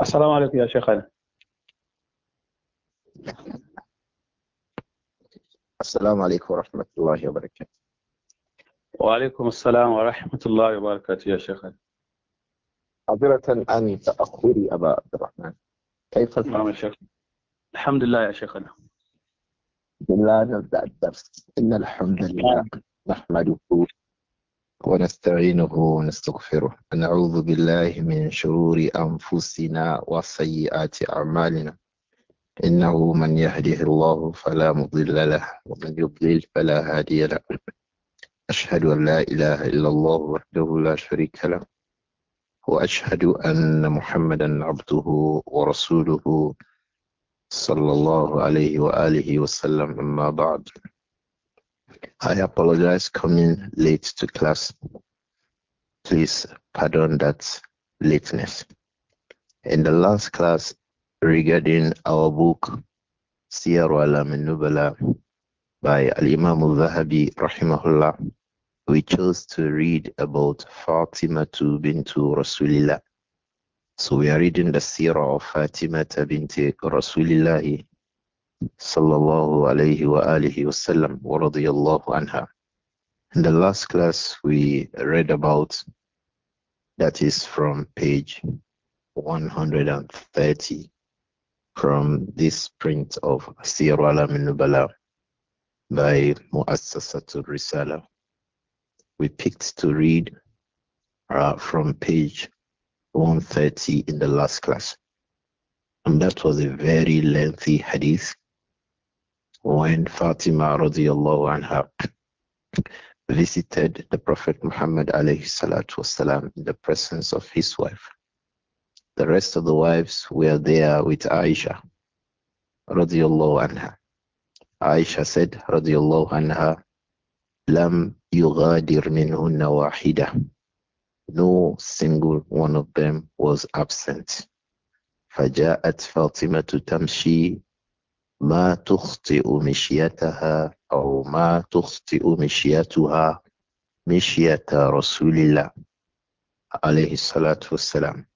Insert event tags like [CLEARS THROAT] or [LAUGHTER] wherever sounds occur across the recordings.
السلام عليكم يا شيخنا السلام عليكم ورحمة الله وبركاته وعليكم السلام ورحمة الله وبركاته يا شيخنا عذرة عن تأخري أبا عبد الرحمن كيف نعم يا شيخ الحمد لله يا شيخنا بسم الله نبدأ الدرس إن الحمد لله نحمده ونستعينه ونستغفره ونعوذ بالله من شرور أنفسنا وسيئات أعمالنا إنه من يهده الله فلا مضل له ومن يضلل فلا هادي له أشهد أن لا إله إلا الله وحده لا شريك له وأشهد أن محمدا عبده ورسوله صلى الله عليه وآله وسلم أما بعد I apologize coming late to class. Please pardon that lateness. In the last class regarding our book Siyar Alam Nubala by Al Imam Al Zahabi Rahimahullah, we chose to read about Fatima to bintu Rasulillah. So we are reading the Sirah of Fatima binti Rasulillahi sallallahu alayhi wa alihi wasallam wa radiyallahu anha. In the last class we read about that is from page 130 from this print of Sir Alamin Nubala by Muassasatul Risala. We picked to read uh, from page 130 in the last class. And that was a very lengthy hadith when Fatima radiallahu anha visited the Prophet Muhammad alayhi salatu wasalam in the presence of his wife. The rest of the wives were there with Aisha radiallahu anha. Aisha said radiallahu anha, Lam yughadir minhunna wahida. No single one of them was absent. فجاءت فاطمة تمشي ما تخطئ مشيتها أو ما تخطئ مشيتها مشية رسول الله عليه الصلاة والسلام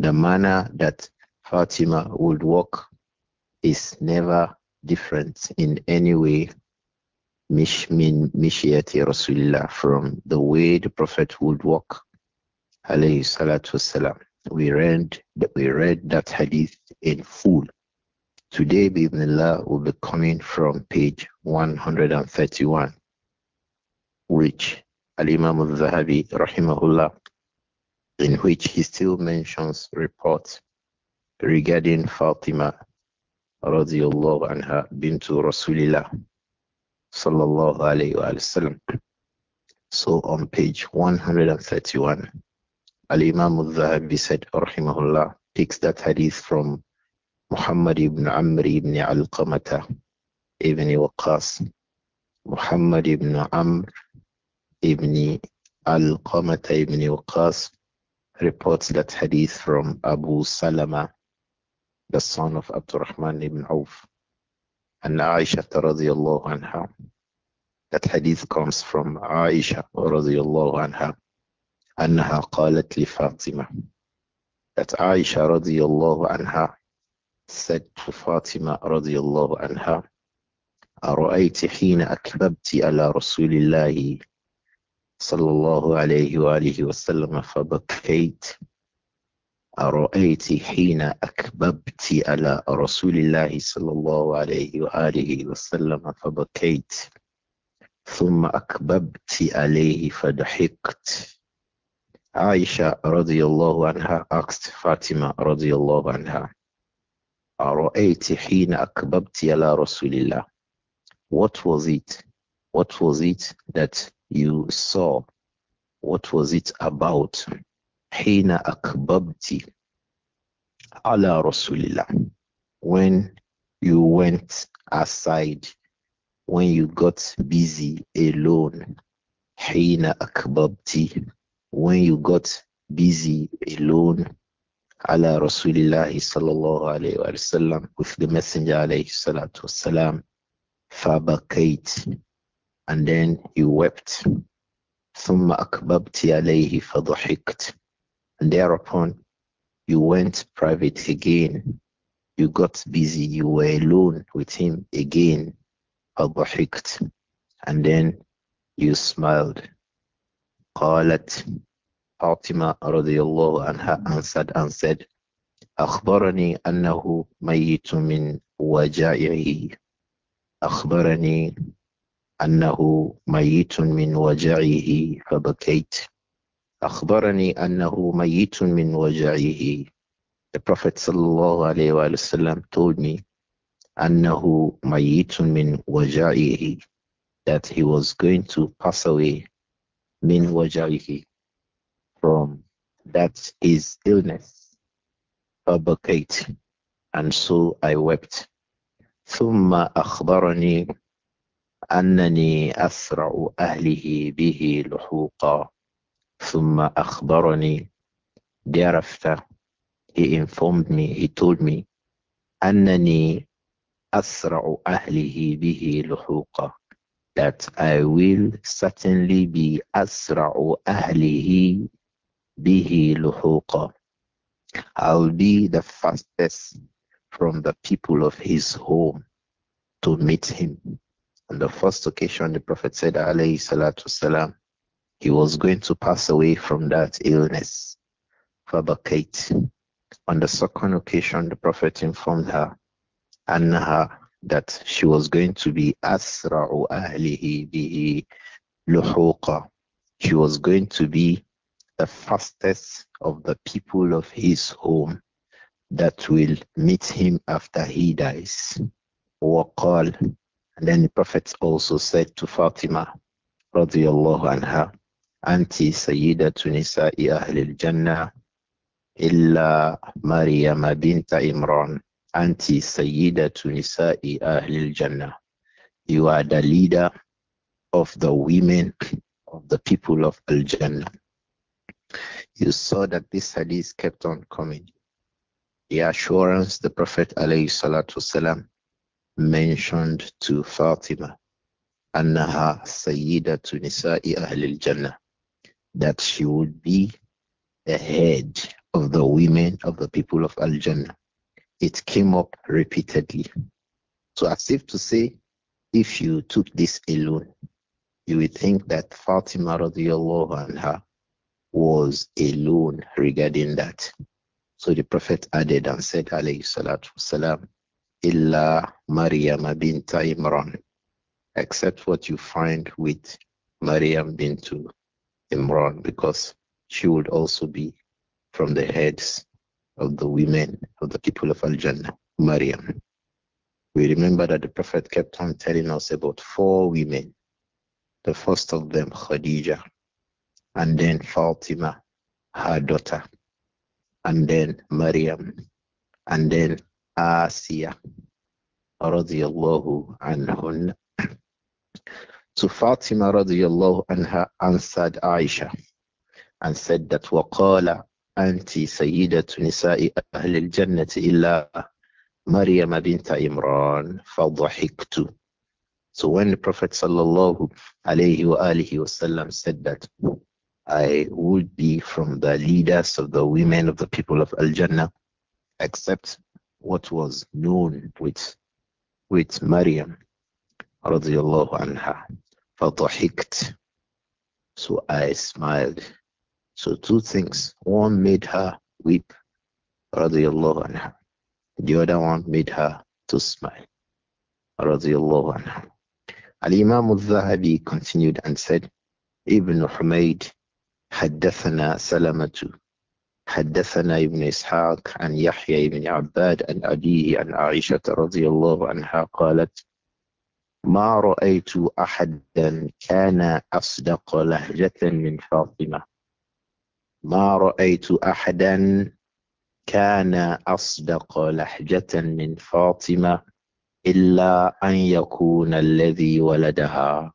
the manner that Fatima would walk is never different in any way from the way the prophet would walk we read we read that hadith in full Today, Bismillah will be coming from page 131, which Al Imam al Zahabi, Rahimahullah, in which he still mentions reports regarding Fatima radiallahu anha bintu Rasulillah sallallahu alayhi wa sallam. So on page 131, Al-Imam al-Zahabi said, rahimahullah, takes that hadith from محمد بن عمرو بن علقمة ابن وقاص محمد بن عمرو بن al ابن وقاص reports that hadith from Abu Salama, the son of Abd Rahman ibn Auf, and Aisha radiallahu anha. That hadith comes from Aisha radiallahu anha, أنها قالت لفاطمة that Aisha radiallahu anha said to Fatima الله عنها أرأيت حين أكببت على رسول الله صلى الله عليه وآله وسلم فبكيت أرأيت حين أكببت على رسول الله صلى الله عليه وآله وسلم فبكيت ثم أكببت عليه فضحكت Aisha عنها أخت فاطمة رضي الله عنها أرأيت حين أقببت على رسول الله What was it? What was it that you saw? What was it about? حين أقببت على رسول الله When you went aside, when you got busy alone. حين أقببت When you got busy alone ala Rasulillah sallallahu alayhi wa sallam with the Messenger alayhi salatu wasalam. Fabakait. And then you wept. ثم أكببت عليه فضحكت. And thereupon you went private again. You got busy. You were alone with him again. فضحكت. And then you smiled. قالت Fatima radiallahu anha answered and said, أخبرني أنه ميت من وجائعه أخبرني أنه ميت من وجعه فبكيت أخبرني أنه ميت من وجعه The Prophet صلى الله عليه وسلم told me أنه ميت من وجعه that he was going to pass away من وجعه from that his illness. Abakate. And so I wept. ثم أخبرني أنني أسرع أهله به لحوقا ثم أخبرني thereafter he informed me he told me أنني أسرع أهله به لحوقا that I will certainly be أسرع أهله bihi luhuqa. I'll be the fastest from the people of his home to meet him. On the first occasion, the Prophet said, alayhi salatu salam, he was going to pass away from that illness. Fabakate. On the second occasion, the Prophet informed her, Annaha, that she was going to be Asra'u Ahlihi bihi luhuqa. She was going to be the fastest of the people of his home that will meet him after he dies. وقال and then the Prophet also said to Fatima radiallahu anha Anti Sayyidatu Nisa'i Ahlil Jannah illa Maryam binta Imran Anti Sayyidatu Nisa'i Ahlil Jannah You are the leader of the women of the people of Al Jannah you saw that this hadith kept on coming. The assurance the Prophet والسلام, mentioned to Fatima, أنها سيدة nisa'i ahlil Jannah," that she would be the head of the women of the people of Al Jannah. It came up repeatedly. So, as if to say, if you took this alone, you would think that Fatima radiallahu anha was alone regarding that. So the Prophet added and said, alayhi salatu wasalam, illa Maryam binta Imran, except what you find with Maryam bintu Imran, because she would also be from the heads of the women of the people of Al-Jannah, Maryam. We remember that the Prophet kept on telling us about four women. The first of them, Khadija, and then Fatima, her daughter, and then Maryam, and then Asiya, radiallahu anhun. So [CLEARS THROAT] Fatima radiallahu anha answered Aisha and said that وَقَالَ أَنْتِ سَيِّدَةُ نِسَاءِ أَهْلِ الْجَنَّةِ إِلَّا مَرْيَمَ بِنْتَ إِمْرَانَ فَضَحِكْتُ So when the Prophet sallallahu alayhi wa alihi wasallam said that I would be from the leaders of the women of the people of Al Jannah, except what was known with with Maryam radiallahu anha. فضحكت. So I smiled. So two things. One made her weep radiallahu anha. The other one made her to smile radiallahu anha. Al-Imam al-Zahabi continued and said, Ibn Humayd حدثنا سلمة حدثنا ابن إسحاق عن يحيى بن عباد عن أبيه عن عائشة رضي الله عنها قالت ما رأيت أحدا كان أصدق لهجة من فاطمة ما رأيت أحدا كان أصدق لهجة من فاطمة إلا أن يكون الذي ولدها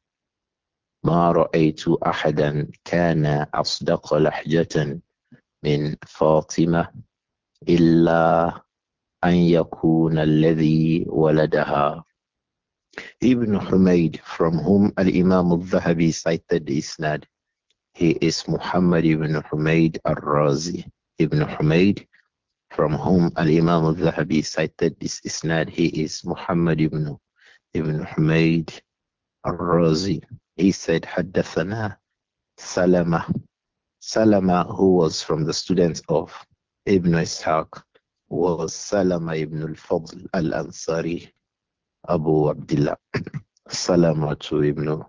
ما رأيت أحدا كان أصدق لهجة من فاطمة إلا أن يكون الذي ولدها Ibn Humayd, from whom Al-Imam al-Zahabi cited the Isnad, he is Muhammad ibn Humayd al-Razi. Ibn Humayd, from whom Al-Imam al-Zahabi cited this Isnad, he is Muhammad ibn, ibn Humayd al-Razi. He said, Haddathana Salama. Salama, who was from the students of Ibn Ishaq, was Salama ibn al-Fadl al-Ansari, Abu Abdullah. [COUGHS] Salama to Ibn,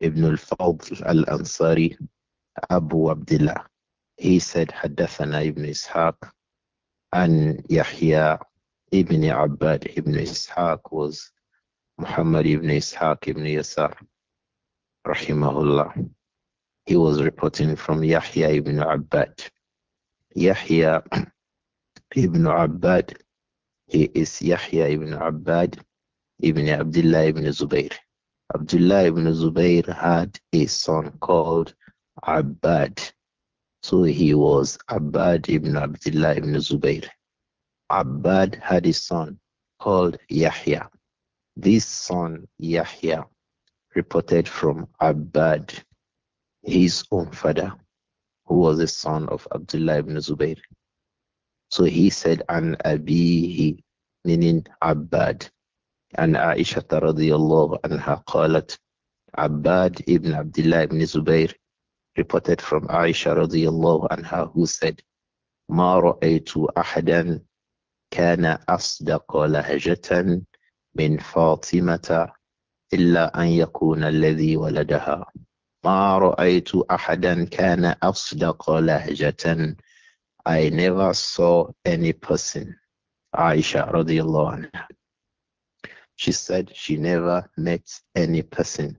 ibn al-Fadl al-Ansari, Abu Abdullah. He said, Haddathana ibn Ishaq, and Yahya ibn Abbad ibn Ishaq was Muhammad ibn Ishaq ibn Yasar rahimahullah. He was reporting from Yahya ibn Abbad. Yahya [CLEARS THROAT] ibn Abbad, he is Yahya ibn Abbad ibn Abdullah ibn Zubair. Abdullah ibn Zubair had a son called Abbad. So he was Abbad ibn Abdullah ibn Zubair. Abbad had a son called Yahya. This son, Yahya, reported from Abad, his own father, who was the son of Abdullah ibn Zubayr. So he said, An Abihi, meaning Abad. And Aisha radiallahu anha qalat, Abad ibn Abdullah ibn Zubayr reported from Aisha radiallahu anha who said, ما رأيت أحدا كان أصدق لهجة من فاطمة إلا أن يكون الذي ولدها ما رأيت أحدا كان أصدق لهجة I never saw any person Aisha الله عنها she said she never met any person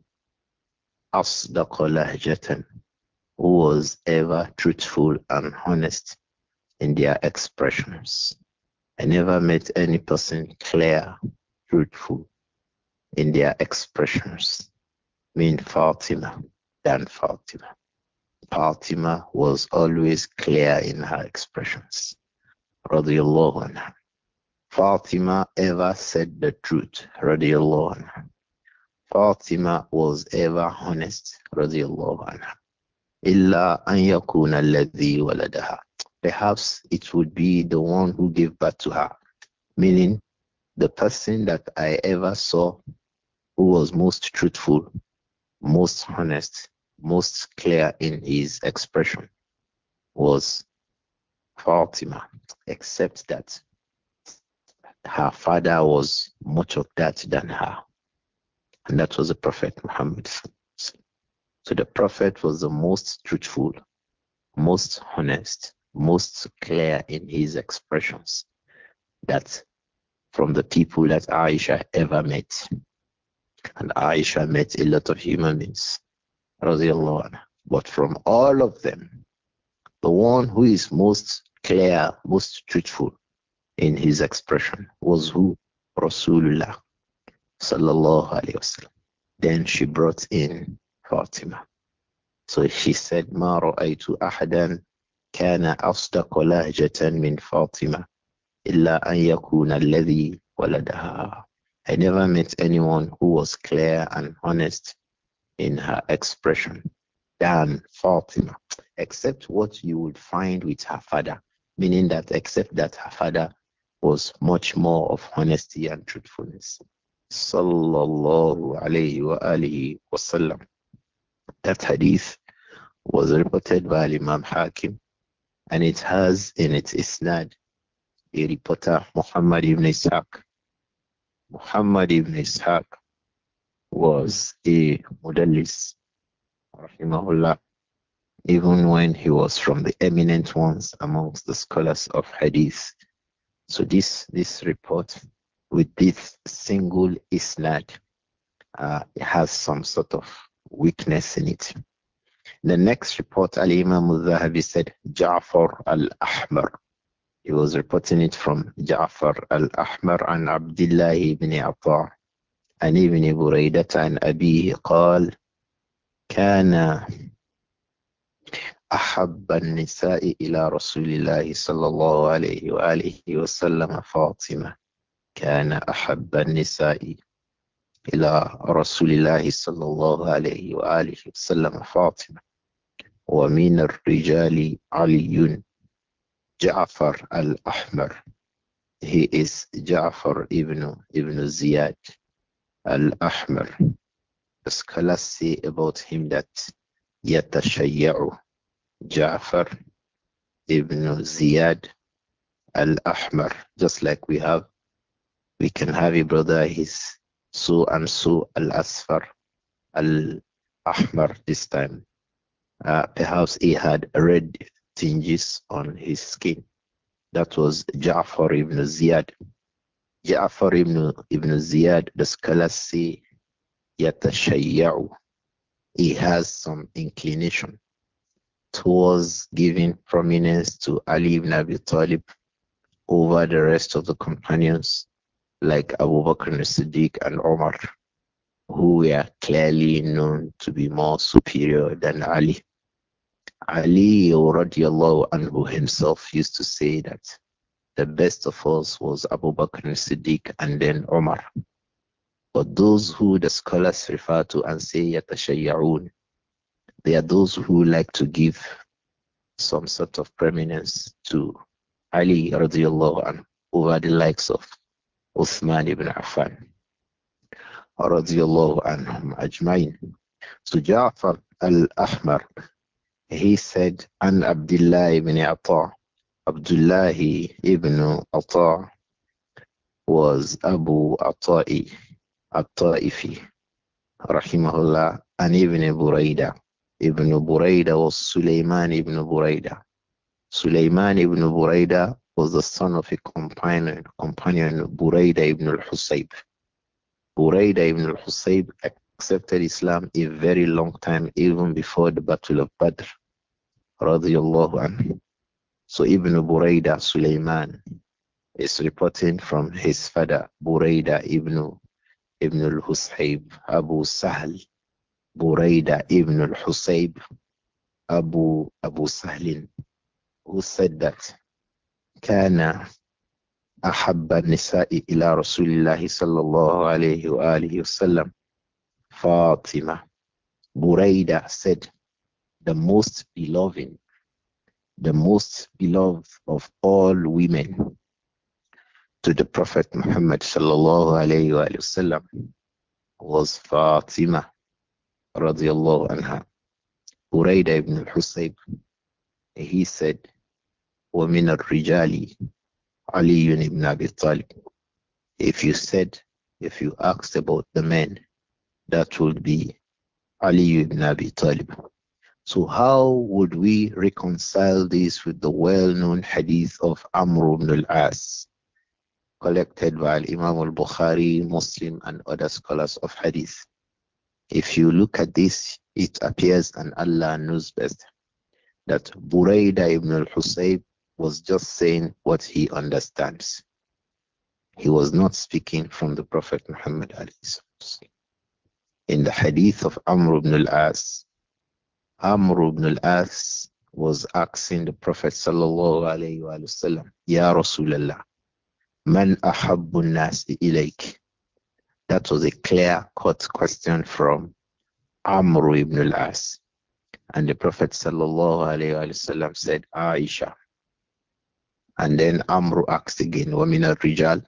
أصدق لهجة who was ever truthful and honest in their expressions. I never met any person clear, truthful, in their expressions mean Fatima than Fatima. Fatima was always clear in her expressions. Radiallahu Fatima ever said the truth. Radiallahu Fatima was ever honest. Radiallahu Illa an yakuna alladhi waladaha. Perhaps it would be the one who gave birth to her. Meaning, the person that I ever saw who was most truthful, most honest, most clear in his expression was Fatima, except that her father was much of that than her. And that was the Prophet Muhammad. So the Prophet was the most truthful, most honest, most clear in his expressions. That from the people that Aisha ever met. And Aisha met a lot of human beings, but from all of them, the one who is most clear, most truthful in his expression was who? Rasulullah sallallahu alayhi wasallam. Then she brought in Fatima. So she said, "Maro رأيت أحدا kana أصدق لهجة من Fatima. إِلَّا أَن يَكُونَ الَّذِي وَلَدَهَا I never met anyone who was clear and honest in her expression than Fatima, except what you would find with her father, meaning that except that her father was much more of honesty and truthfulness. Sallallahu alayhi wa alihi wasallam. That hadith was reported by Imam Hakim and it has in its isnad a reporter, Muhammad ibn Ishaq. Muhammad ibn Ishaq was a modelist, rahimahullah, even when he was from the eminent ones amongst the scholars of hadith. So this this report with this single isnad uh, has some sort of weakness in it. The next report, Al Imam al Zahabi said, Ja'far al Ahmar. He was reporting it from Ja'far al-Ahmar and Abdullah ibn Abba' and ibn Buraydah بريدة عن أبيه قال كان أحب النساء إلى رسول الله صلى الله عليه وآله وسلم فاطمة كان أحب النساء إلى رسول الله صلى الله عليه وآله وسلم فاطمة ومن الرجال علي Ja'far al-Ahmar. He is Ja'far ibn, ibn Ziyad al-Ahmar. The scholars say about him that يتشيع Ja'far ibn Ziyad al-Ahmar. Just like we have, we can have a brother, he's so and so al-Asfar al-Ahmar this time. Uh, perhaps he had read tinges on his skin. That was Ja'far ibn Ziyad. Ja'far ibn, ibn Ziyad, the scholars say, yatashayya'u. He has some inclination towards giving prominence to Ali ibn Abi Talib over the rest of the companions like Abu Bakr al-Siddiq and Omar, who were clearly known to be more superior than Ali. Ali radiallahu anhu himself used to say that the best of us was Abu Bakr Siddiq and then Omar. But those who the scholars refer to and say yatashayyarun, they are those who like to give some sort of prominence to Ali radiallahu anhu over the likes of Uthman ibn Affan radiallahu anhum ajmain. So Ja'far al-Ahmar he said, An Abdullah ibn Atta. Abdullah ibn Atta was Abu Atta'i, Atta'ifi, rahimahullah, and Ibn Buraida. Ibn Buraida was Sulaiman ibn Buraida. Sulaiman ibn Buraida was the son of a companion, companion Buraida ibn al-Husayb. Buraida ibn al-Husayb accepted Islam a very long time, even before the Battle of Badr. So Ibn Buraidah Sulaiman is reporting from his father, Buraidah Ibn, Ibn al-Husayb, Abu Sahl, Buraidah Ibn al-Husayb, Abu, Abu Sahlin, who said that, كان أحب النساء إلى رسول الله صلى الله عليه وآله وسلم Fatima. Buraida said, the most beloved, the most beloved of all women to the Prophet Muhammad sallallahu alayhi wa sallam was Fatima radiallahu anha. Buraida ibn Husayb, he said, وَمِنَ الرِّجَالِ عَلِيٌّ If you said, if you asked about the men, that would be Ali ibn Abi Talib. So how would we reconcile this with the well-known hadith of Amr ibn al-As, collected by Imam al-Bukhari, Muslim, and other scholars of hadith? If you look at this, it appears, and Allah knows best, that Buraidah ibn al-Husayb was just saying what he understands. He was not speaking from the Prophet Muhammad. A in the hadith of Amr ibn al-As. Amr ibn al-As was asking the Prophet sallallahu alayhi wa sallam, Ya Rasulallah, man ahabbu nasi ilayk? That was a clear-cut question from Amr ibn al-As. And the Prophet sallallahu alayhi wa sallam said, Aisha. And then Amr asked again, وَمِنَ الرِّجَالِ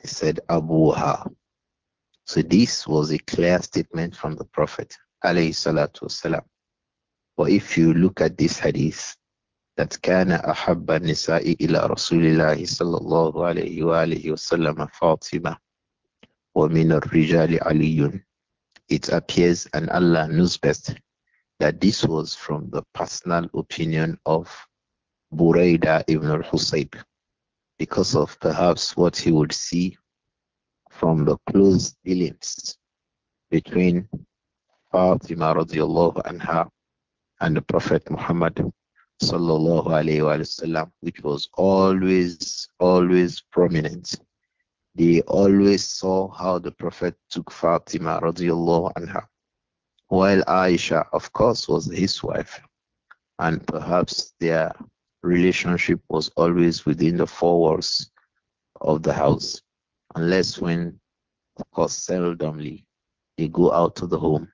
He said, Abuha. So this was a clear statement from the Prophet alayhi But if you look at this hadith, that kana ahabba nisa'i ila rasulillahi sallallahu alayhi wa alihi wa sallam Fatima wa min rijali aliyun. It appears and Allah knows best that this was from the personal opinion of Buraida ibn al-Husayb because of perhaps what he would see from the close dealings between Fatima radiallahu anha and the Prophet Muhammad sallallahu alayhi wa sallam, which was always, always prominent. They always saw how the Prophet took Fatima radiallahu anha. While Aisha, of course, was his wife, and perhaps their relationship was always within the four walls of the house unless when, of course, seldomly they go out to the home.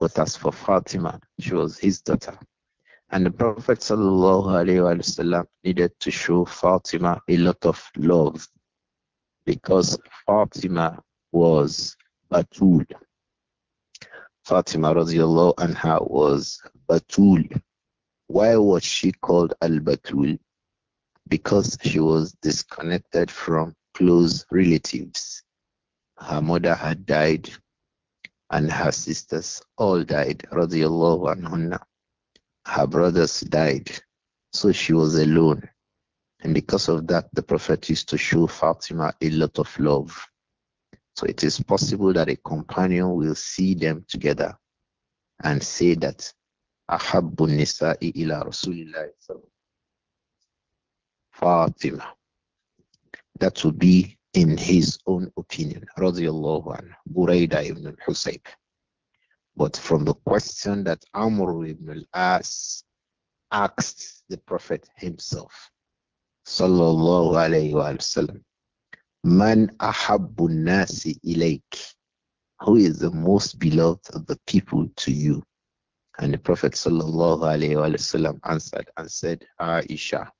But as for Fatima, she was his daughter. And the Prophet وسلم, needed to show Fatima a lot of love because Fatima was Batul. Fatima anha was Batul. Why was she called Al Batul? Because she was disconnected from close relatives. Her mother had died, and her sisters all died, Her brothers died, so she was alone. And because of that, the Prophet used to show Fatima a lot of love. So it is possible that a companion will see them together and say that Ahabbu Nisa'i ila Rasulillah Fatima that would be in his own opinion. Radiallahu anhu, Buraidah ibn al-Husayb. But from the question that Amr ibn al-As asked the Prophet himself, sallallahu alayhi wa sallam, Man ahabbu nasi ilayk. Who is the most beloved of the people to you? And the Prophet sallallahu alayhi wa sallam answered and said, Aisha.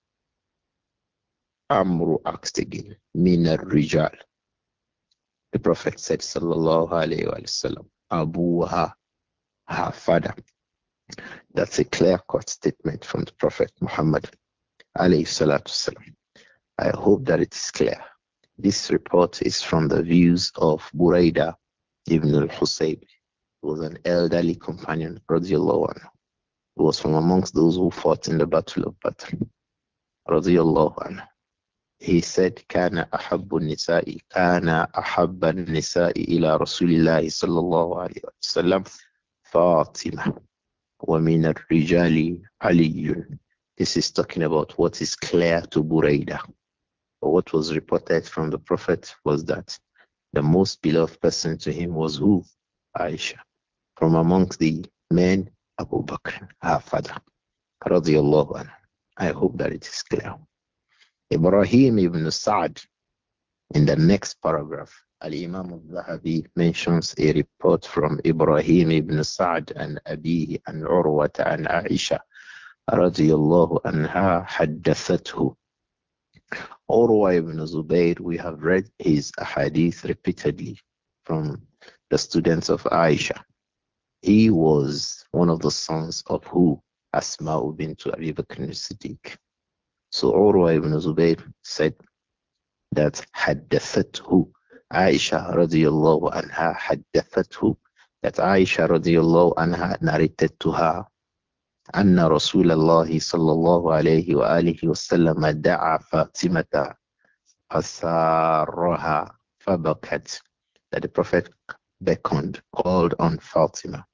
Amru asked again, Mina Rijal. The Prophet said, Sallallahu Alaihi Wasallam, Abuha, her father. That's a clear cut statement from the Prophet Muhammad. I hope that it is clear. This report is from the views of Buraida ibn al Husayb, who was an elderly companion, radiallahu anhu, who was from amongst those who fought in the Battle of Badr, radiallahu anhu he said kana ahabbu nisa'i kana ahabba nisa'i ila rasulillahi sallallahu alayhi wa sallam fatima wa min ar-rijali aliyun this is talking about what is clear to Buraida. What was reported from the Prophet was that the most beloved person to him was who? Aisha. From amongst the men, Abu Bakr, her father. I hope that it is clear. Ibrahim ibn Sa'd, in the next paragraph, Al-Imam al-Zahabi mentions a report from Ibrahim ibn Sa'd and Abihi and Urwata and Aisha radiyallahu anha haddathathu. Urwa ibn Zubayr, we have read his hadith repeatedly from the students of Aisha. He was one of the sons of who? Asma bint Abi Bakr Siddiq so Urwa ibn Zubayr said that haddathathu Aisha radiyallahu anha haddathathu that Aisha radiyallahu anha narrated to her أن رسول الله alayhi wa عليه وآله وسلم دعا فاطمة فسارها فبكت that the Prophet beckoned, called on Fatima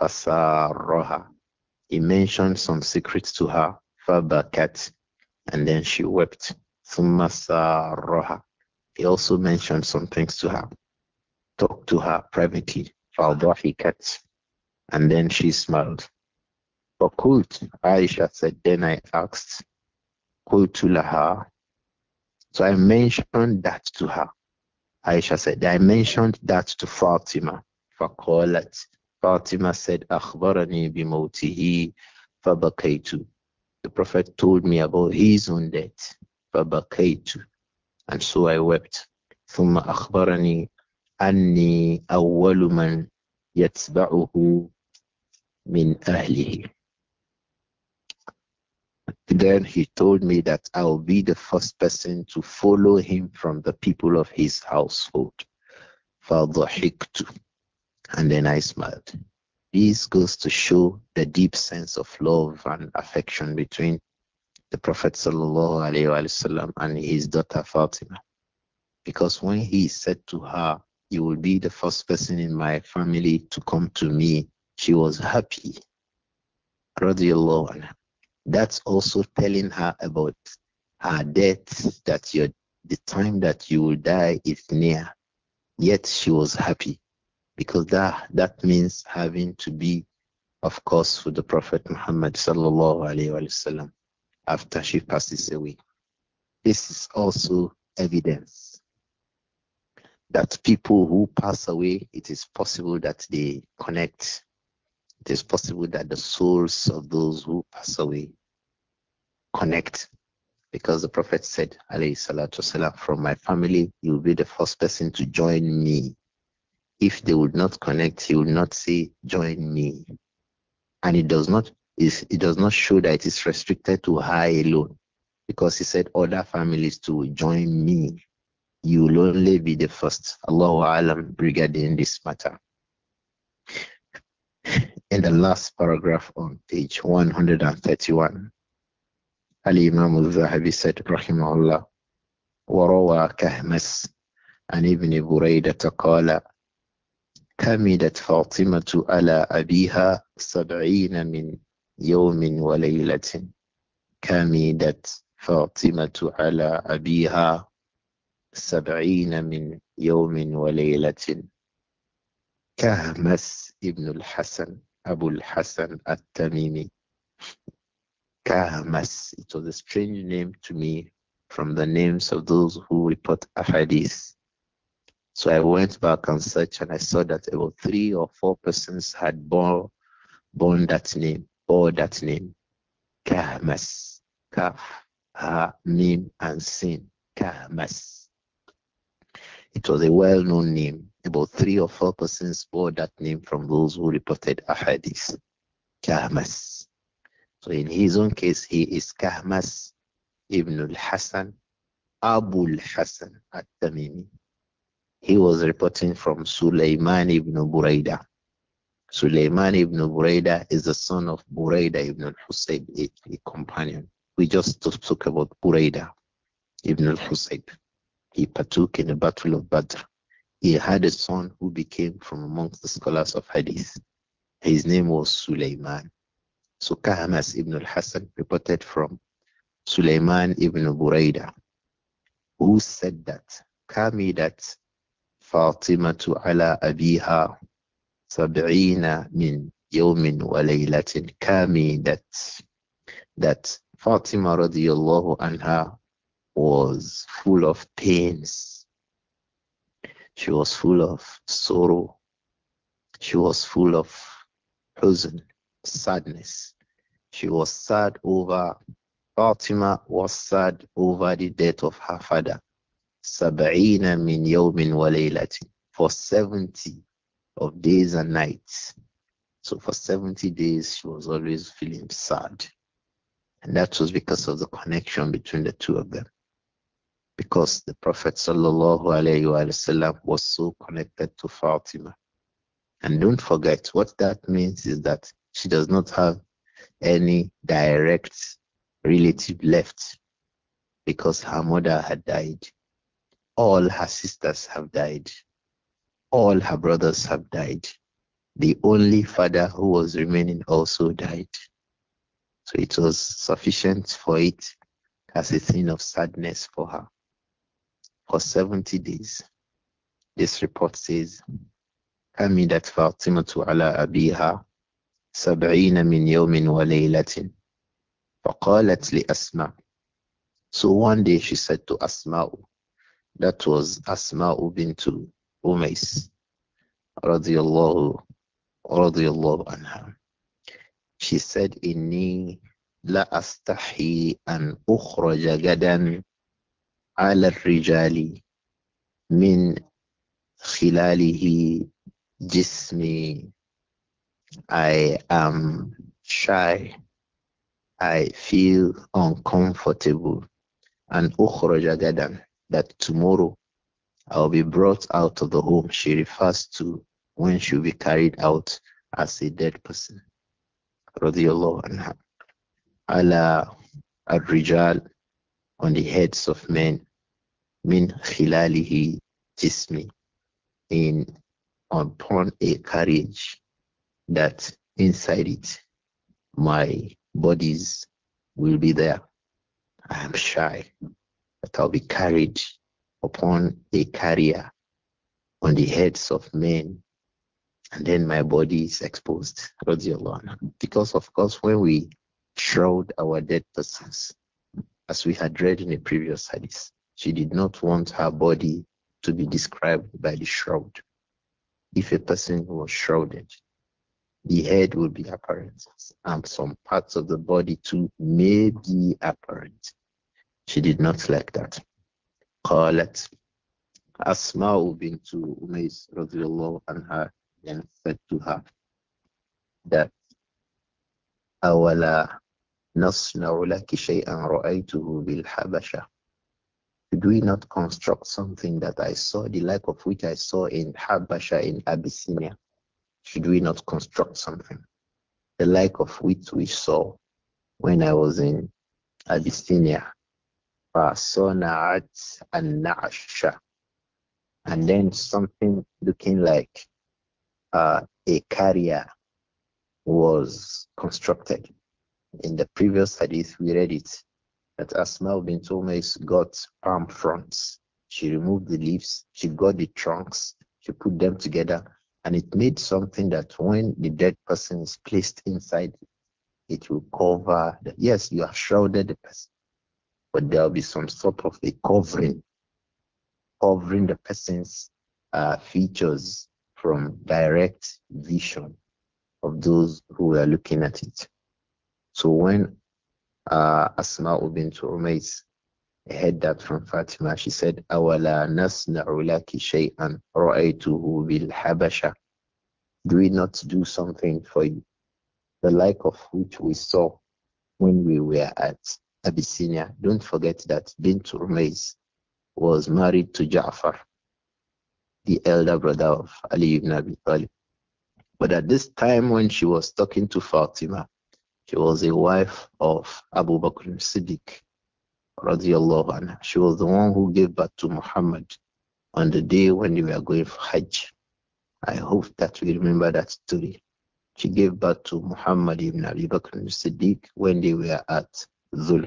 فسارها He mentioned some secrets to her فبكت and then she wept. Roha. He also mentioned some things to her, talked to her privately. And then she smiled. Fakult, Aisha said, then I asked, to laha. So I mentioned that to her. Aisha said, I mentioned that to Fatima. Fakolat. Fatima said, Akhbarani bimawtihi fabakaitu. The Prophet told me about his own death. And so I wept. ثم أخبرني أني أول من يتبعه من أهله. Then he told me that I will be the first person to follow him from the people of his household. فضحكت. And then I smiled. This goes to show the deep sense of love and affection between the Prophet and his daughter Fatima. Because when he said to her, You will be the first person in my family to come to me, she was happy. That's also telling her about her death, that the time that you will die is near. Yet she was happy because that that means having to be of course with the prophet muhammad sallallahu alaihi wasallam after she passes away this is also evidence that people who pass away it is possible that they connect it is possible that the souls of those who pass away connect because the prophet said alayhi salatu wasalam, from my family you will be the first person to join me if they would not connect, he would not say, Join me. And it does not it does not show that it is restricted to her alone. Because he said other families to join me. You will only be the first. Allahu Alam regarding this matter. In the last paragraph on page 131, Ali Imam al-Zahabi said, Rahimahullah, وروى كهمس عن ابن بريدة قال كملت فاطمة على أبيها سبعين من يوم وليلة كملت فاطمة على أبيها سبعين من يوم وليلة كهمس ابن الحسن أبو الحسن التميمي كهمس It was a strange name to me from the names of those who report a hadith So I went back and searched and I saw that about three or four persons had borne, borne that name, bore that name. Kahmas, Kaf, Ha, Mim, and Sin. Kahmas. It was a well known name. About three or four persons bore that name from those who reported Ahadith. Kahmas. So in his own case, he is Kahmas ibn al Hassan, Abu al Hasan at Tamimi. He was reporting from Sulaiman ibn Buraida. Sulaiman ibn Buraida is the son of Buraida ibn Husayb, a, a companion. We just spoke about Buraida ibn Husayb. He partook in the Battle of Badr. He had a son who became from amongst the scholars of Hadith. His name was Sulaiman. So Kahamas ibn al-Hasan reported from Sulaiman ibn Buraida, who said that, Kami that فاطمة على أبيها سبعين من يوم وليلة كاملة that Fatima radiallahu anha was full of pains. She was full of sorrow. She was full of prison, sadness. She was sad over Fatima was sad over the death of her father. Sabaina min yawmin wa laylatin. For 70 of days and nights. So for 70 days, she was always feeling sad. And that was because of the connection between the two of them. Because the Prophet wasallam was so connected to Fatima. And don't forget, what that means is that she does not have any direct relative left because her mother had died. All her sisters have died. All her brothers have died. The only father who was remaining also died. So it was sufficient for it as a thing of sadness for her. For 70 days, this report says, حمدت فاطمة على أبيها سبعين من يوم وليلة فقالت لأسماء So one day she said to Asma, that was Asma bint Umais radiyallahu, radiyallahu anha. She said, Inni la astahi an ukhraja gadan ala rijali min khilalihi jismi. I am shy. I feel uncomfortable. And ukhraja gadan that tomorrow I'll be brought out of the home she refers to when she'll be carried out as a dead person. Allah al-rijal on the heads of men min khilalihi jismi in upon a carriage that inside it my bodies will be there. I am shy that will be carried upon a carrier on the heads of men, and then my body is exposed. Because, of course, when we shroud our dead persons, as we had read in a previous hadith, she did not want her body to be described by the shroud. If a person was shrouded, the head would be apparent, and some parts of the body too may be apparent. She did not like that. قالت أسماء بنت أميس رضي and عنها then said to her that أولا نصنع لك شيئا رأيته بالحبشة Did we not construct something that I saw, the like of which I saw in Habasha in Abyssinia? Should we not construct something, the like of which we saw when I was in Abyssinia فَصَنَعَتْ النَّعْشَ And then something looking like uh, a carrier was constructed. In the previous hadith, we read it that Asma bint Umayy's got palm fronds. She removed the leaves, she got the trunks, she put them together, and it made something that when the dead person is placed inside, it will cover. The, yes, you have shrouded the person but there'll be some sort of a covering, covering the person's uh, features from direct vision of those who are looking at it. So when uh, Asma bint Umayt heard that from Fatima, she said, "Awala nasna laki shay'an ra'aytuhu bil habasha." Do we not do something for you, the like of which we saw when we were at Abyssinia. Don't forget that Bint Urmais was married to Ja'far, the elder brother of Ali ibn Abi Talib. But at this time, when she was talking to Fatima, she was a wife of Abu Bakr Siddiq. She was the one who gave birth to Muhammad on the day when they were going for Hajj. I hope that we remember that story. She gave birth to Muhammad ibn Abi Bakr Siddiq when they were at Zul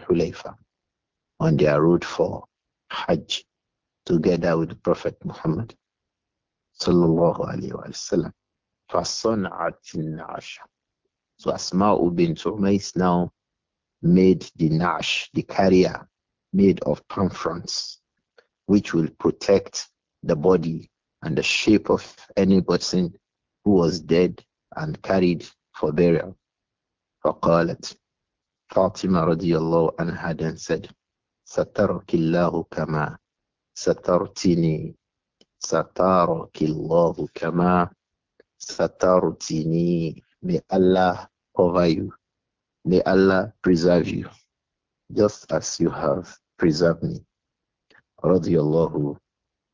on their route for Hajj together with the Prophet Muhammad sallallahu alayhi wa sallam. So Asma bint Umais now made the Nash, the carrier made of palm fronds, which will protect the body and the shape of any person who was dead and carried for burial. فقالت Fatima radiallahu anha then said, Satarukillahu kama satartini satarukillahu kama satartini May Allah cover you. May Allah preserve you, just as you have preserved me. Radiallahu,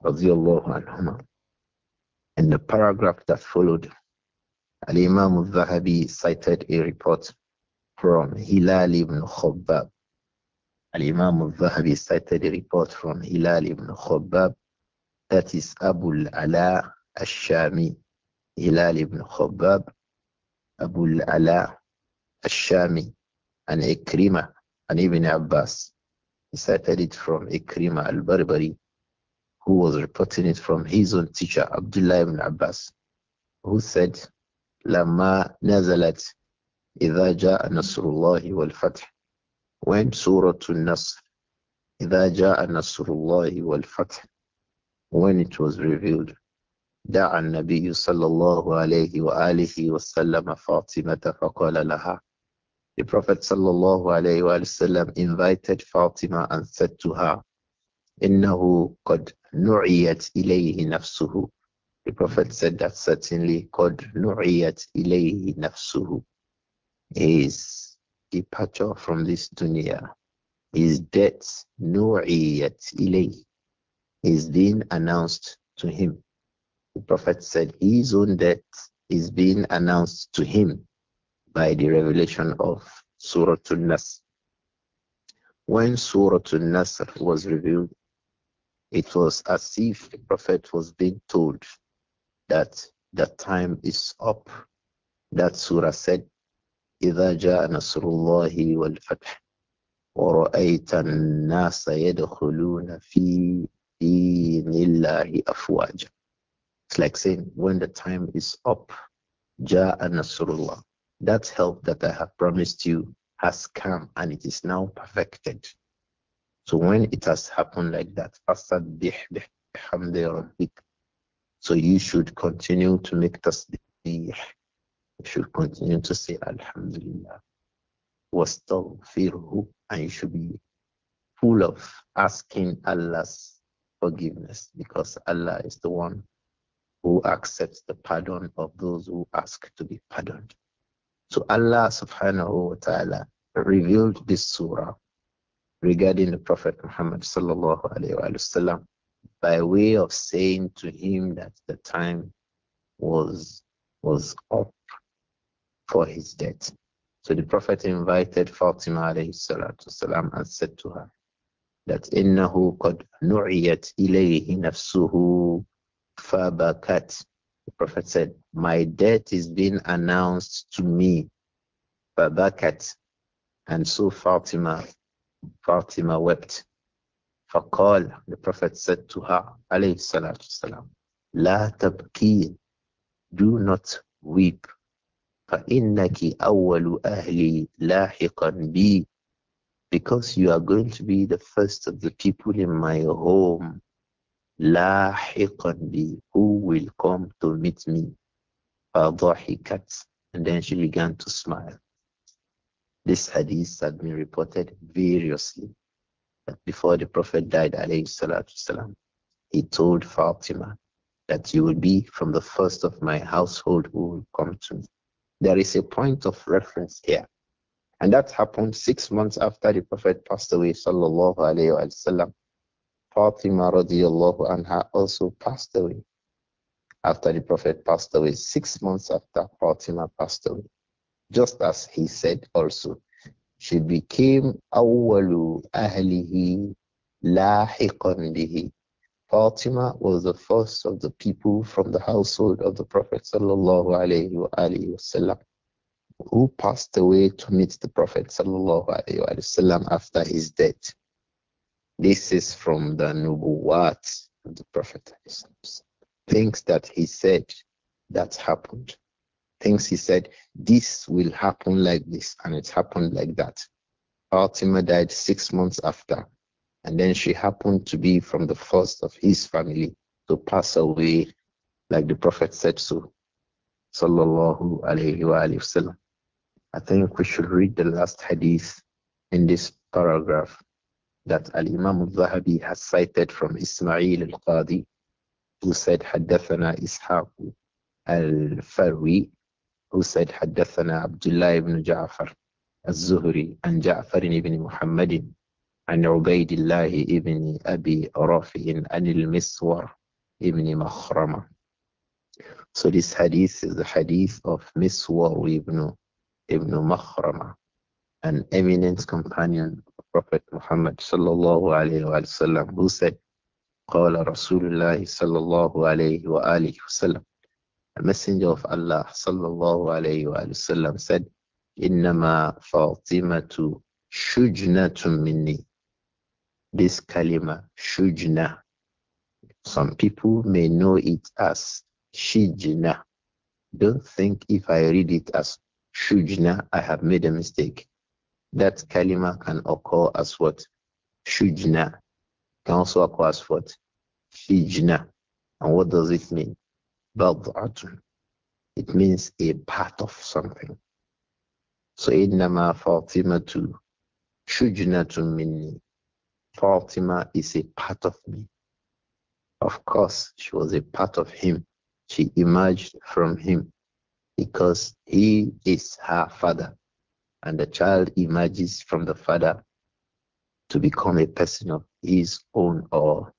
radiallahu anhumah. In the paragraph that followed, Al-Imam al-Zahabi cited a report from Hilal ibn Khubbab. Al-Imam al-Zahabi cited a report from Hilal ibn Khubbab, that is Abu al-Ala al-Shami. Hilal ibn Khubbab, Abu al-Ala al-Shami, and Ikrima, and Ibn Abbas. He cited it from Ikrima al-Barbari, who was reporting it from his own teacher, Abdullah ibn Abbas, who said, لما نزلت إِذَا جَاءَ نَصْرُ اللَّهِ وَالْفَتْحِ When Surah An-Nasr, إِذَا جَاءَ نَصْرُ اللَّهِ وَالْفَتْحِ When it was revealed, دعا النبي صلى الله عليه وآله وسلم فاطمة فقال لها The Prophet صلى الله عليه وآله وسلم invited Fatima and said to her إنه قد نعيت إليه نفسه The Prophet said that certainly قد نعيت إليه نفسه his departure from this dunya, his death, nu'iyat ilayh, is being announced to him. The Prophet said his own death is being announced to him by the revelation of Surah An-Nasr. When Surah An-Nasr was revealed, it was as if the Prophet was being told that the time is up. That surah said إذا جاء نصر الله والفتح ورأيت الناس يدخلون في دين الله أفواجا It's like saying when the time is up جاء نصر الله That help that I have promised you has come and it is now perfected. So when it has happened like that, so you should continue to make tasbih you should continue to say Alhamdulillah. Wastaghfiruhu. And you should be full of asking Allah's forgiveness because Allah is the one who accepts the pardon of those who ask to be pardoned. So Allah subhanahu wa ta'ala revealed this surah regarding the Prophet Muhammad sallallahu alayhi wa by way of saying to him that the time was was up for his death. So the Prophet invited Fatima alayhi salatu salam and said to her that innahu qad nu'iyat ilayhi nafsuhu fabakat. The Prophet said, my death is being announced to me, fabakat. And so Fatima, Fatima wept. فقال the Prophet said to her عليه الصلاة والسلام لا تبكين do not weep فَإِنَّكِ أَوَّلُ أَهْلِي لَاحِقًا بِي Because you are going to be the first of the people in my home, لَاحِقًا بِي Who will come to meet me. فَضَحِكَتْ And then she began to smile. This hadith had been reported variously. But before the Prophet died, والسلام, he told Fatima that you will be from the first of my household who will come to me. There is a point of reference here. And that happened six months after the Prophet passed away, sallallahu alayhi wa sallam. Fatima radiallahu anha also passed away. After the Prophet passed away, six months after Fatima passed away. Just as he said also, she became awwalu ahlihi lahiqan bihi. Fatima was the first of the people from the household of the Prophet وسلم, who passed away to meet the Prophet وسلم, after his death. This is from the Nubuwat of the Prophet. Things that he said that happened. Things he said, this will happen like this, and it happened like that. Fatima died six months after and then she happened to be from the first of his family to pass away, like the Prophet said so. Sallallahu alayhi wa, alayhi wa sallam. I think we should read the last hadith in this paragraph that Al Imam al Zahabi has cited from Ismail al Qadi, who said, Haddathana Ishaq al Farwi, who said, Haddathana Abdullah ibn Ja'far al Zuhri, and Ja'far ibn Muhammadin عن عبيد الله ابن أبي رافع عن المسور ابن مخرمة So this hadith is the hadith of Miswar ibn, ibn Makhrama, an eminent companion of Prophet Muhammad صلى الله عليه وسلم. who said, قال رسول الله صلى الله عليه وآله وسلم The messenger of Allah صلى الله عليه وآله وسلم said إنما فاطمة شجنة مني this kalima, shujna. Some people may know it as shijna. Don't think if I read it as shujna, I have made a mistake. That kalima can occur as what? Shujna. Can also occur as what? Shijna. And what does it mean? It means a part of something. So innama shujna to minni. Fatima is a part of me. Of course, she was a part of him. She emerged from him because he is her father. And the child emerges from the father to become a person of his own or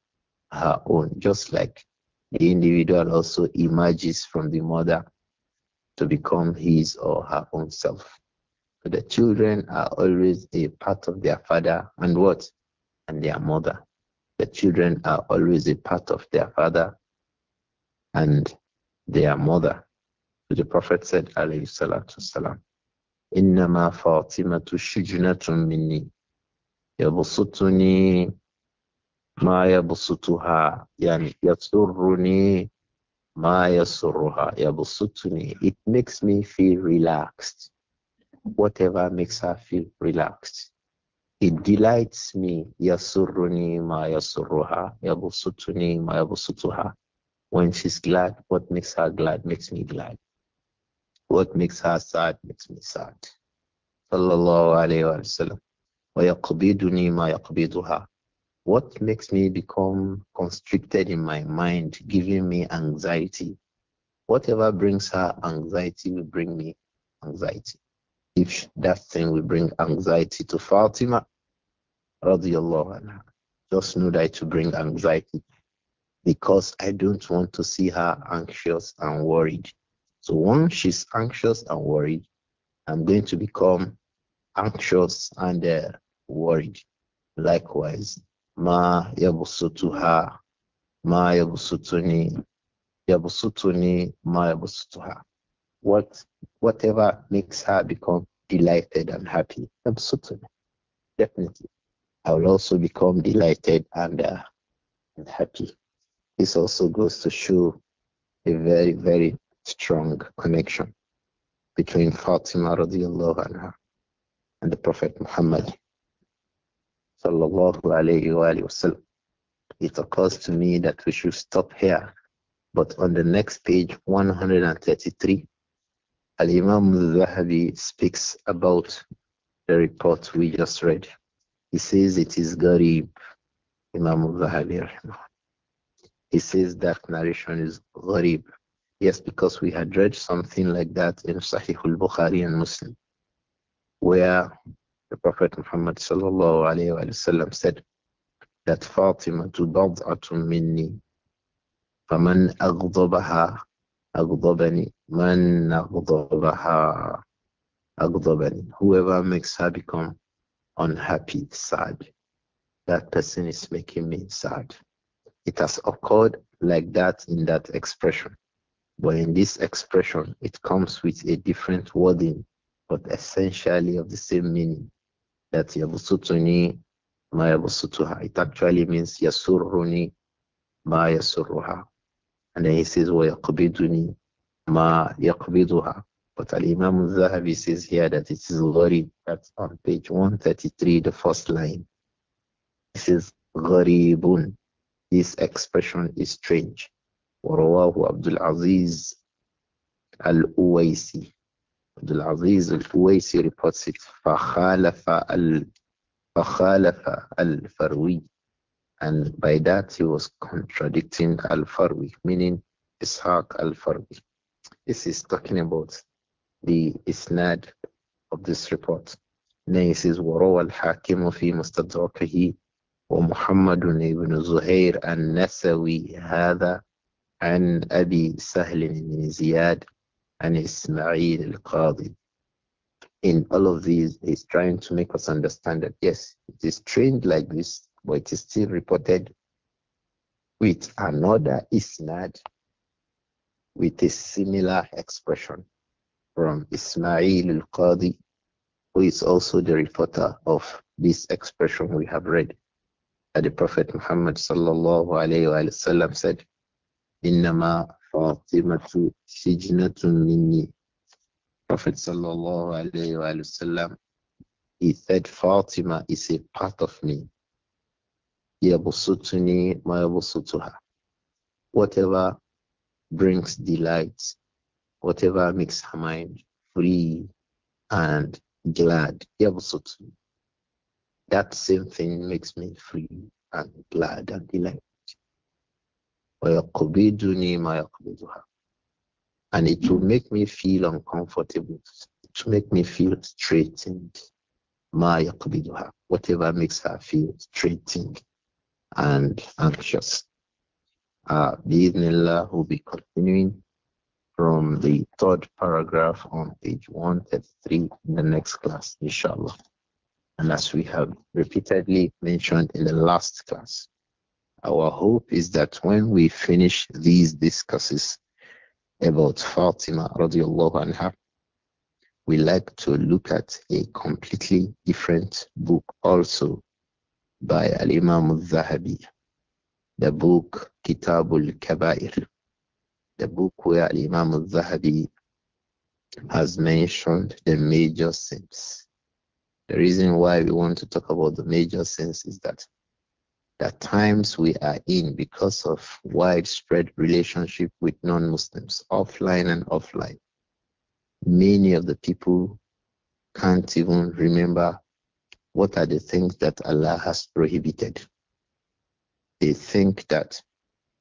her own, just like the individual also emerges from the mother to become his or her own self. So the children are always a part of their father and what? and their mother. The children are always a part of their father and their mother. So the Prophet said, alayhi salatu salam, إنما فاطمة شجنة مني يبسطني ما يبسطها يعني يسرني ما يسرها يبسطني it makes me feel relaxed whatever makes her feel relaxed it delights me. Yasuruni ma yasuruha, yabusutuni ma yabusutuha. When she's glad, what makes her glad makes me glad. What makes her sad makes me sad. Sallallahu alayhi wa sallam. ويقبضني ما يقبضها what makes me become constricted in my mind, giving me anxiety. Whatever brings her anxiety will bring me anxiety. If that thing will bring anxiety to Fatima, radiallahu anha. Just know that to bring anxiety because I don't want to see her anxious and worried. So once she's anxious and worried, I'm going to become anxious and uh, worried. Likewise, ma yabusutuha, ma yabusutuni, yabusutuni, ma yabusutuha. What, whatever makes her become delighted and happy, absolutely, Definitely. I will also become delighted and, uh, and happy. This also goes to show a very, very strong connection between Fatima radiallahu anha and the Prophet Muhammad sallallahu alayhi wa, sallam. It occurs to me that we should stop here, but on the next page 133, Al Imam Zahabi speaks about the report we just read. He says it is Garib, Imam al He says that narration is Garib. Yes, because we had read something like that in Sahih al-Bukhari and Muslim, where the Prophet Muhammad sallallahu said that Fatima to bad'atun minni, faman aghdabaha aghdabani, man aghdabaha aghdabani. Whoever makes her become unhappy, sad. That person is making me sad. It has occurred like that in that expression. But in this expression, it comes with a different wording, but essentially of the same meaning. That Yabusutuni, Ma Yabusutuha. It actually means Yasuruni, Ma Yasuruha. And then he says, Wa Yakubiduni, Ma Yakubiduha. But Al Imam al Zahabi says here that it is gharib. That's on page 133, the first line. He says, gharibun. This expression is strange. ورواه عبد العزيز الأويسي عبد العزيز الأويسي reports it فخالف ال فخالف الفروي and by that he was contradicting al-Farwi meaning Ishaq al-Farwi this is talking about the isnad of this report. And then he says, وَرَوَى الْحَاكِمُ فِي مُسْتَدْرَكِهِ ومحمد بن زهير النسوي هذا عن أبي سهل بن زياد عن إسماعيل القاضي in all of these he's trying to make us understand that yes, it is trained like this, but it is still reported with another isnad with a similar expression from Ismail al-Qadi, who is also the reporter of this expression we have read. that the Prophet Muhammad sallallahu alayhi wa sallam said, إِنَّمَا Fatima شِجْنَةٌ مِنِّي Prophet sallallahu alayhi wa sallam, he said, Fatima is a part of me. يَبُسُطُنِي مَا يَبُسُطُهَا Whatever brings delight whatever makes her mind free and glad. That same thing makes me free and glad and delighted. And it will make me feel uncomfortable. It will make me feel straightened. Whatever makes her feel straightened and anxious. Uh, ah, Bismillah will be continuing from the third paragraph on page 133 in the next class, inshallah. And as we have repeatedly mentioned in the last class, our hope is that when we finish these discussions about Fatima radiallahu anha, we like to look at a completely different book also by Al-Imam al-Zahabi, the book Kitabul Kabair the book where Imam al-Zahabi has mentioned the major sins. The reason why we want to talk about the major sins is that the times we are in because of widespread relationship with non-Muslims, offline and offline. Many of the people can't even remember what are the things that Allah has prohibited. They think that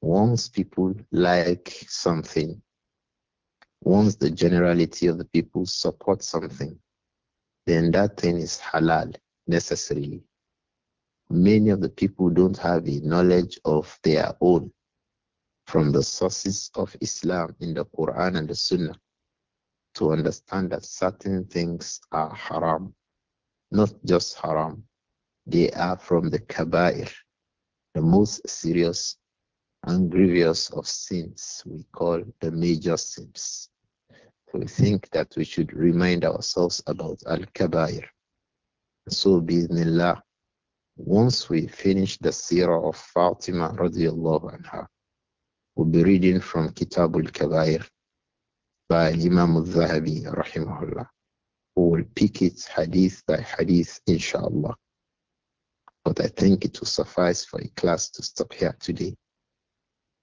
once people like something, once the generality of the people support something, then that thing is halal necessarily. Many of the people don't have a knowledge of their own from the sources of Islam in the Quran and the Sunnah to understand that certain things are haram, not just haram, they are from the kabair, the most serious and grievous of sins we call the major sins. So we think that we should remind ourselves about Al Kabair. So, Bismillah, once we finish the seerah of Fatima radiallahu anha, we'll be reading from Kitabul Kabair by Imam al-Zahabi rahimahullah. We will pick it hadith by hadith inshallah. But I think it will suffice for a class to stop here today.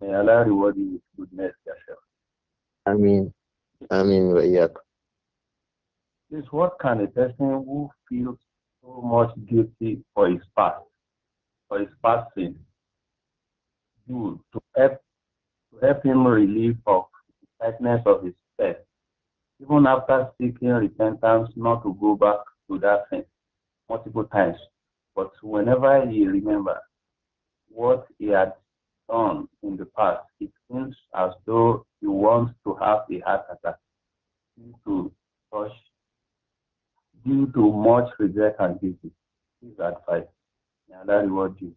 May Allah reward you with goodness, Yasha. I mean, I mean, yeah. Is what can a person who feels so much guilty for his past, for his past sin, do to help, to help him relieve of the tightness of his faith, even after seeking repentance, not to go back to that sin multiple times, but whenever he remembers what he had on in the past, it seems as though you want to have a heart attack due to such, due to much regret and guilt. Please advise. May you.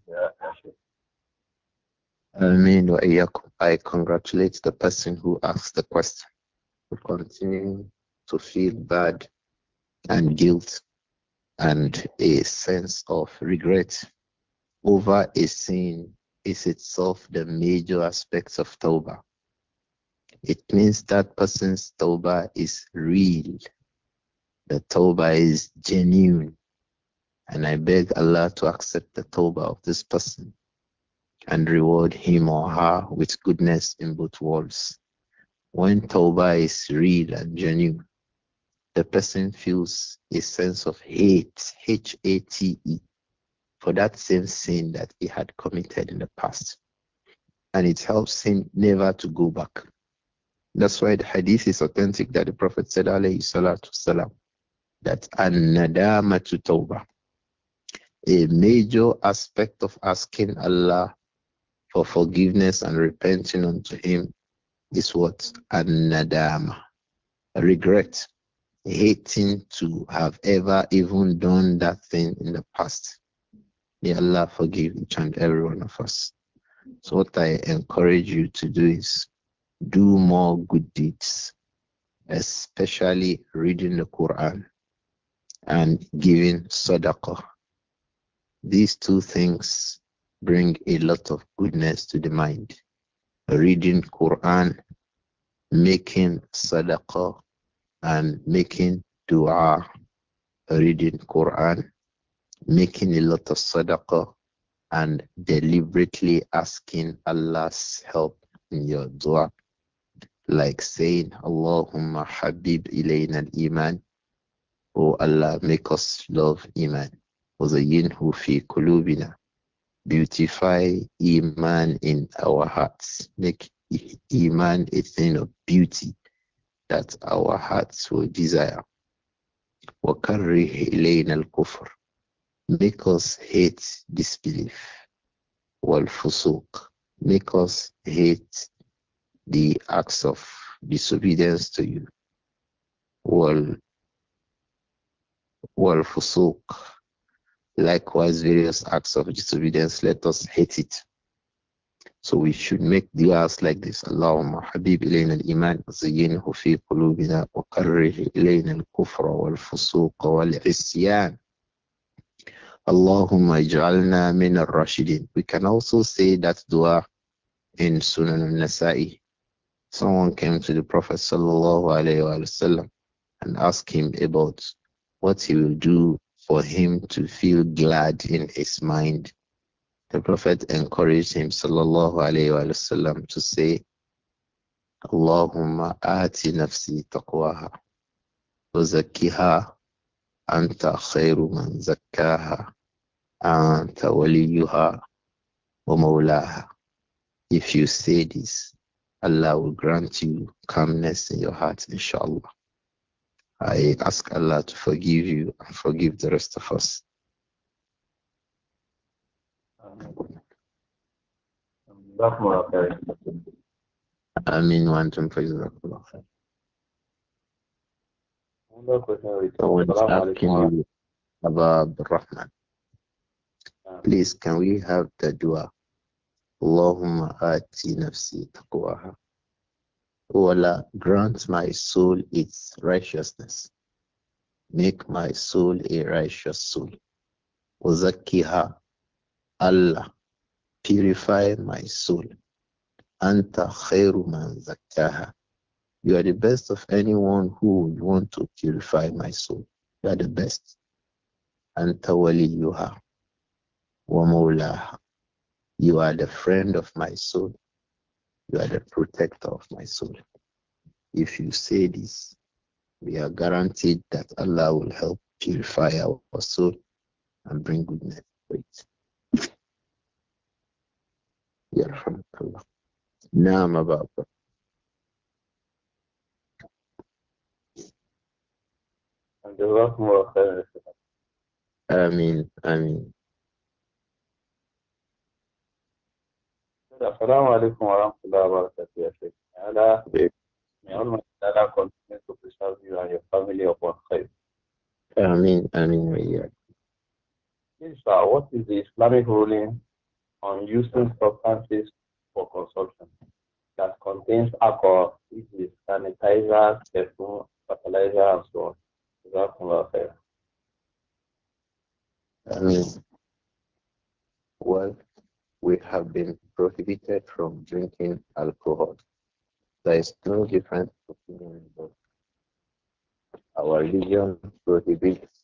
Amin I congratulate the person who asked the question. We to feel bad and guilt and a sense of regret over a sin is itself the major aspects of tawbah. It means that person's tawbah is real. The tawbah is genuine. And I beg Allah to accept the tawbah of this person and reward him or her with goodness in both worlds. When tawbah is real and genuine, the person feels a sense of hate, H A T E, for that same sin that he had committed in the past. And it helps him never to go back. That's why the hadith is authentic that the Prophet said, alayhi salatu salam, that an-nadama to tawbah. A major aspect of asking Allah for forgiveness and repenting unto Him is what? An-nadama. Regret. Hating to have ever even done that thing in the past. May Allah forgive each and every one of us. So, what I encourage you to do is do more good deeds, especially reading the Quran and giving sadaqah. These two things bring a lot of goodness to the mind. Reading Quran, making sadaqah, and making dua. Reading Quran, making a lot of sadaqah, and deliberately asking Allah's help in your dua. Like saying, Allahumma habib ilayna al-iman. O Allah, make us love iman. وَزَيِّنْهُ fi kulubina, Beautify iman in our hearts. Make iman a thing of beauty that our hearts will desire. وَكَرِّهِ إِلَيْنَا الْكُفْرِ Make us hate disbelief. Wal fusuk. Make us hate the acts of disobedience to you. Wal wal fusuk. Likewise, various acts of disobedience, let us hate it. So we should make du'as like this. Allahumma habib ilayna al-iman zayyinhu fi qulubina wa karrih ilayna al-kufra wal-fusuq wal-isyan Allahumma ij'alna min al-rashidin. We can also say that dua in Sunan al-Nasa'i. Someone came to the Prophet sallallahu alayhi wa sallam and asked him about what he will do for him to feel glad in his mind. The Prophet encouraged him sallallahu alayhi wa sallam to say, Allahumma ati nafsi taqwaha wa zakkiha anta khayru man zakkaha أنت وليها ومولاها If you say this, Allah will grant you calmness in your heart, inshallah. I ask Allah to forgive you and forgive the rest of us. Ameen. One time, praise Allah. Someone is asking you about Rahman. Please, can we have the dua? Allahumma ati nafsi taqwaha. O Allah, grant my soul its righteousness. Make my soul a righteous soul. Uzakiha. Allah, purify my soul. Anta khairu man zakkaha. You are the best of anyone who would want to purify my soul. You are the best. Anta waliyuha. وَمَوْلَاهَا You are the friend of my soul. You are the protector of my soul. If you say this, we are guaranteed that Allah will help purify our soul and bring goodness to it. I mean, I mean. Assalamu alaikum wa rahmatullahi wa barakatuh, Allah, may Almighty Allah continue to preserve you and your family upon khair. Ameen, ameen, ameen. Sir, what is the Islamic ruling on using substances for consumption that contains alcohol, which is sanitizer, perfume, fertilizer, and so on? Jazakumullah khair. Ameen. Well, we have been prohibited from drinking alcohol. There is no different opinion about our religion prohibits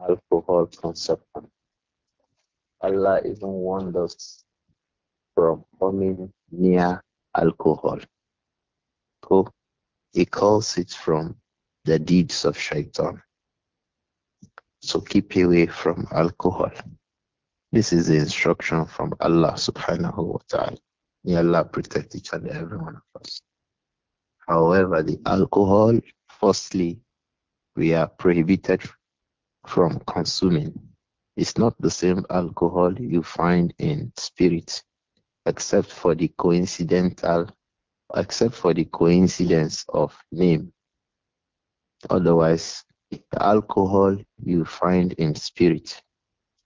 alcohol consumption. Allah even warned us from coming near alcohol. So he calls it from the deeds of shaitan. So keep away from alcohol. This is the instruction from Allah subhanahu wa ta'ala. May Allah protect each and every one of us. However, the alcohol, firstly, we are prohibited from consuming. It's not the same alcohol you find in spirits, except for the coincidental, except for the coincidence of name. Otherwise, the alcohol you find in spirit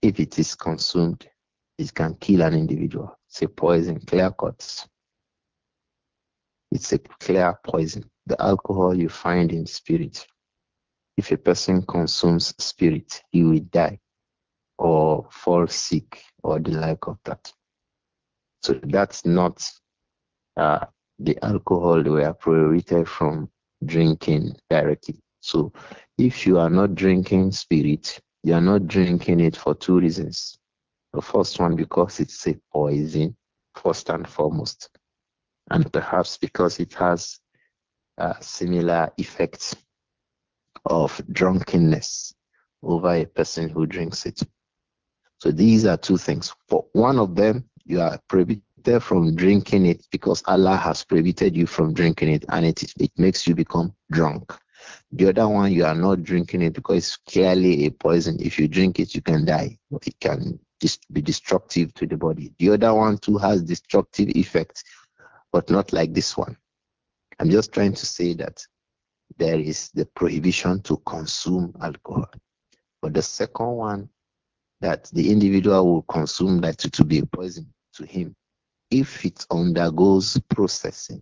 if it is consumed, it can kill an individual. It's a poison, clear cuts. It's a clear poison. The alcohol you find in spirit. If a person consumes spirit, he will die or fall sick or the like of that. So that's not uh, the alcohol we are prohibited from drinking directly. So if you are not drinking spirit, you are not drinking it for two reasons. The first one, because it's a poison, first and foremost, and perhaps because it has uh, similar effects of drunkenness over a person who drinks it. So these are two things. For one of them, you are prohibited from drinking it because Allah has prohibited you from drinking it, and it, it makes you become drunk. The other one, you are not drinking it because it's clearly a poison. If you drink it, you can die. It can be destructive to the body. The other one too has destructive effects, but not like this one. I'm just trying to say that there is the prohibition to consume alcohol. But the second one, that the individual will consume that to, to be a poison to him if it undergoes processing,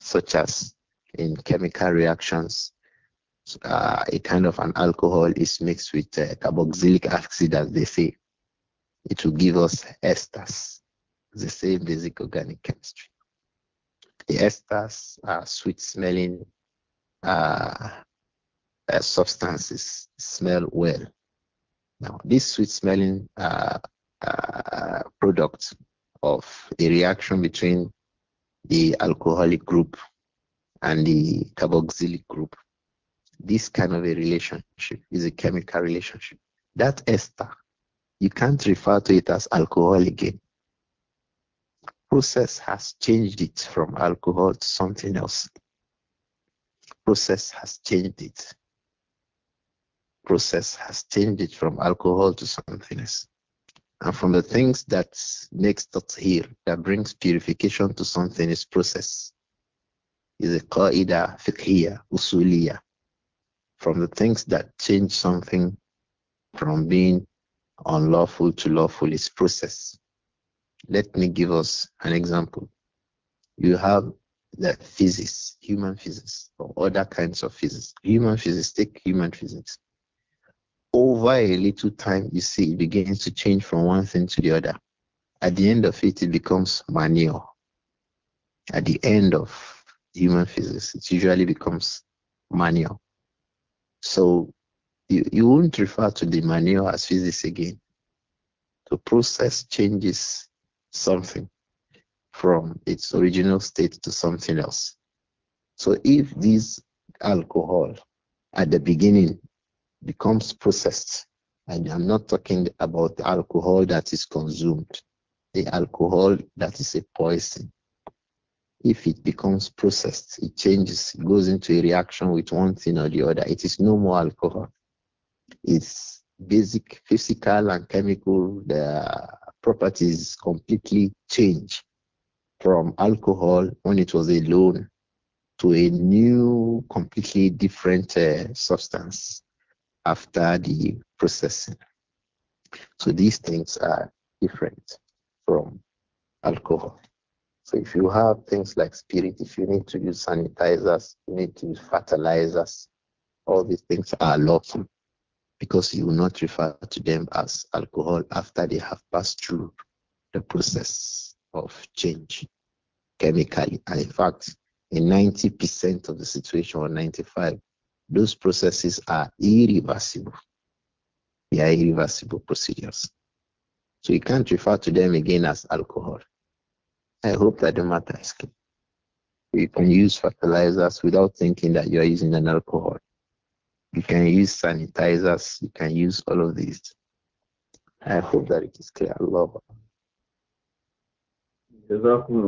such as in chemical reactions. Uh, a kind of an alcohol is mixed with uh, carboxylic acid, as they say. It will give us esters, the same basic organic chemistry. The esters are sweet smelling uh, uh substances, smell well. Now, this sweet smelling uh, uh, product of a reaction between the alcoholic group and the carboxylic group. This kind of a relationship is a chemical relationship. That ester, you can't refer to it as alcohol again. Process has changed it from alcohol to something else. Process has changed it. Process has changed it from alcohol to something else. And from the things that makes here, that brings purification to something is process is a qaida fiqhiyya, usuliya From the things that change something from being unlawful to lawful is process. Let me give us an example. You have the physics, human physics, or other kinds of physics. Human physics, take human physics. Over a little time, you see it begins to change from one thing to the other. At the end of it, it becomes manure. At the end of human physics, it usually becomes manual. So you, you won't refer to the manual as physics again. The process changes something from its original state to something else. So if this alcohol at the beginning becomes processed, and I'm not talking about the alcohol that is consumed, the alcohol that is a poison, if it becomes processed, it changes, it goes into a reaction with one thing or the other. It is no more alcohol. Its basic physical and chemical the properties completely change from alcohol when it was alone to a new, completely different uh, substance after the processing. So these things are different from alcohol. So if you have things like spirit, if you need to use sanitizers, you need to use fertilizers, all these things are lawful because you will not refer to them as alcohol after they have passed through the process of change chemically. And in fact, in 90% of the situation or 95, those processes are irreversible. They are irreversible procedures. So you can't refer to them again as alcohol. I hope that the matter is clear. You can use fertilizers without thinking that you are using an alcohol. You can use sanitizers. You can use all of these. I hope that it is clear. I جزاكم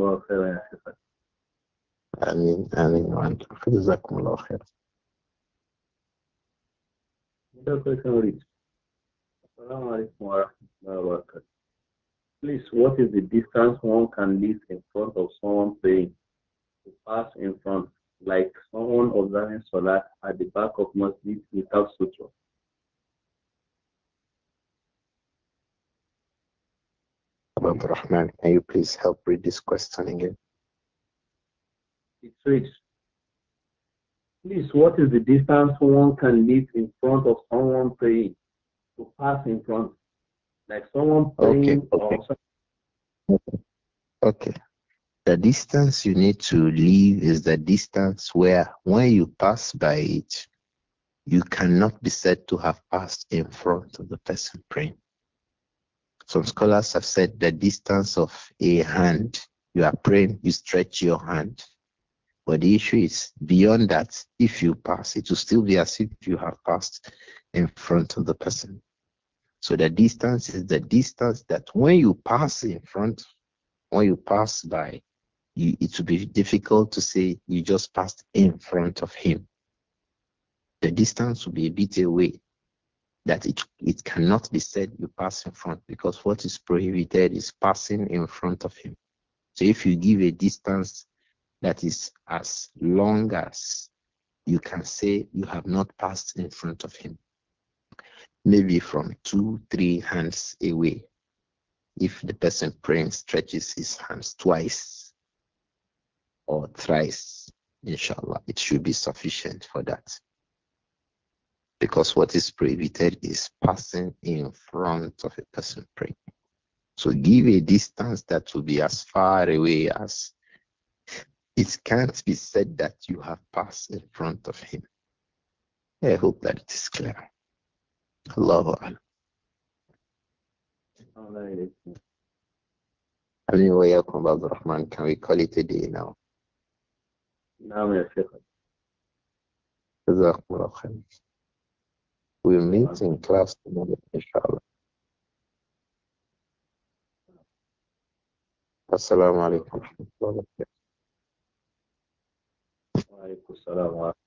Please, what is the distance one can leave in front of someone praying to pass in front, like someone observing Salat at the back of Masjid without sutra? Rahman, can you please help read this question again? It reads, Please, what is the distance one can leave in front of someone praying to pass in front, like someone playing okay, okay. Okay. The distance you need to leave is the distance where, when you pass by it, you cannot be said to have passed in front of the person praying. Some scholars have said the distance of a hand. You are praying, you stretch your hand. But the issue is beyond that, if you pass, it will still be as if you have passed in front of the person. So the distance is the distance that when you pass in front, when you pass by, you, it will be difficult to say you just passed in front of him. The distance will be a bit away that it, it cannot be said you pass in front because what is prohibited is passing in front of him. So if you give a distance that is as long as you can say you have not passed in front of him maybe from two, three hands away. If the person praying stretches his hands twice or thrice, inshallah, it should be sufficient for that. Because what is prohibited is passing in front of a person praying. So give a distance that will be as far away as it can't be said that you have passed in front of him. I hope that it is clear. Allahu Akbar. أمين وإياكم عبد الرحمن can we call it a day now نعم يا شيخ جزاكم الله خير we'll meet in class tomorrow inshallah السلام عليكم ورحمة الله وبركاته وعليكم السلام ورحمة الله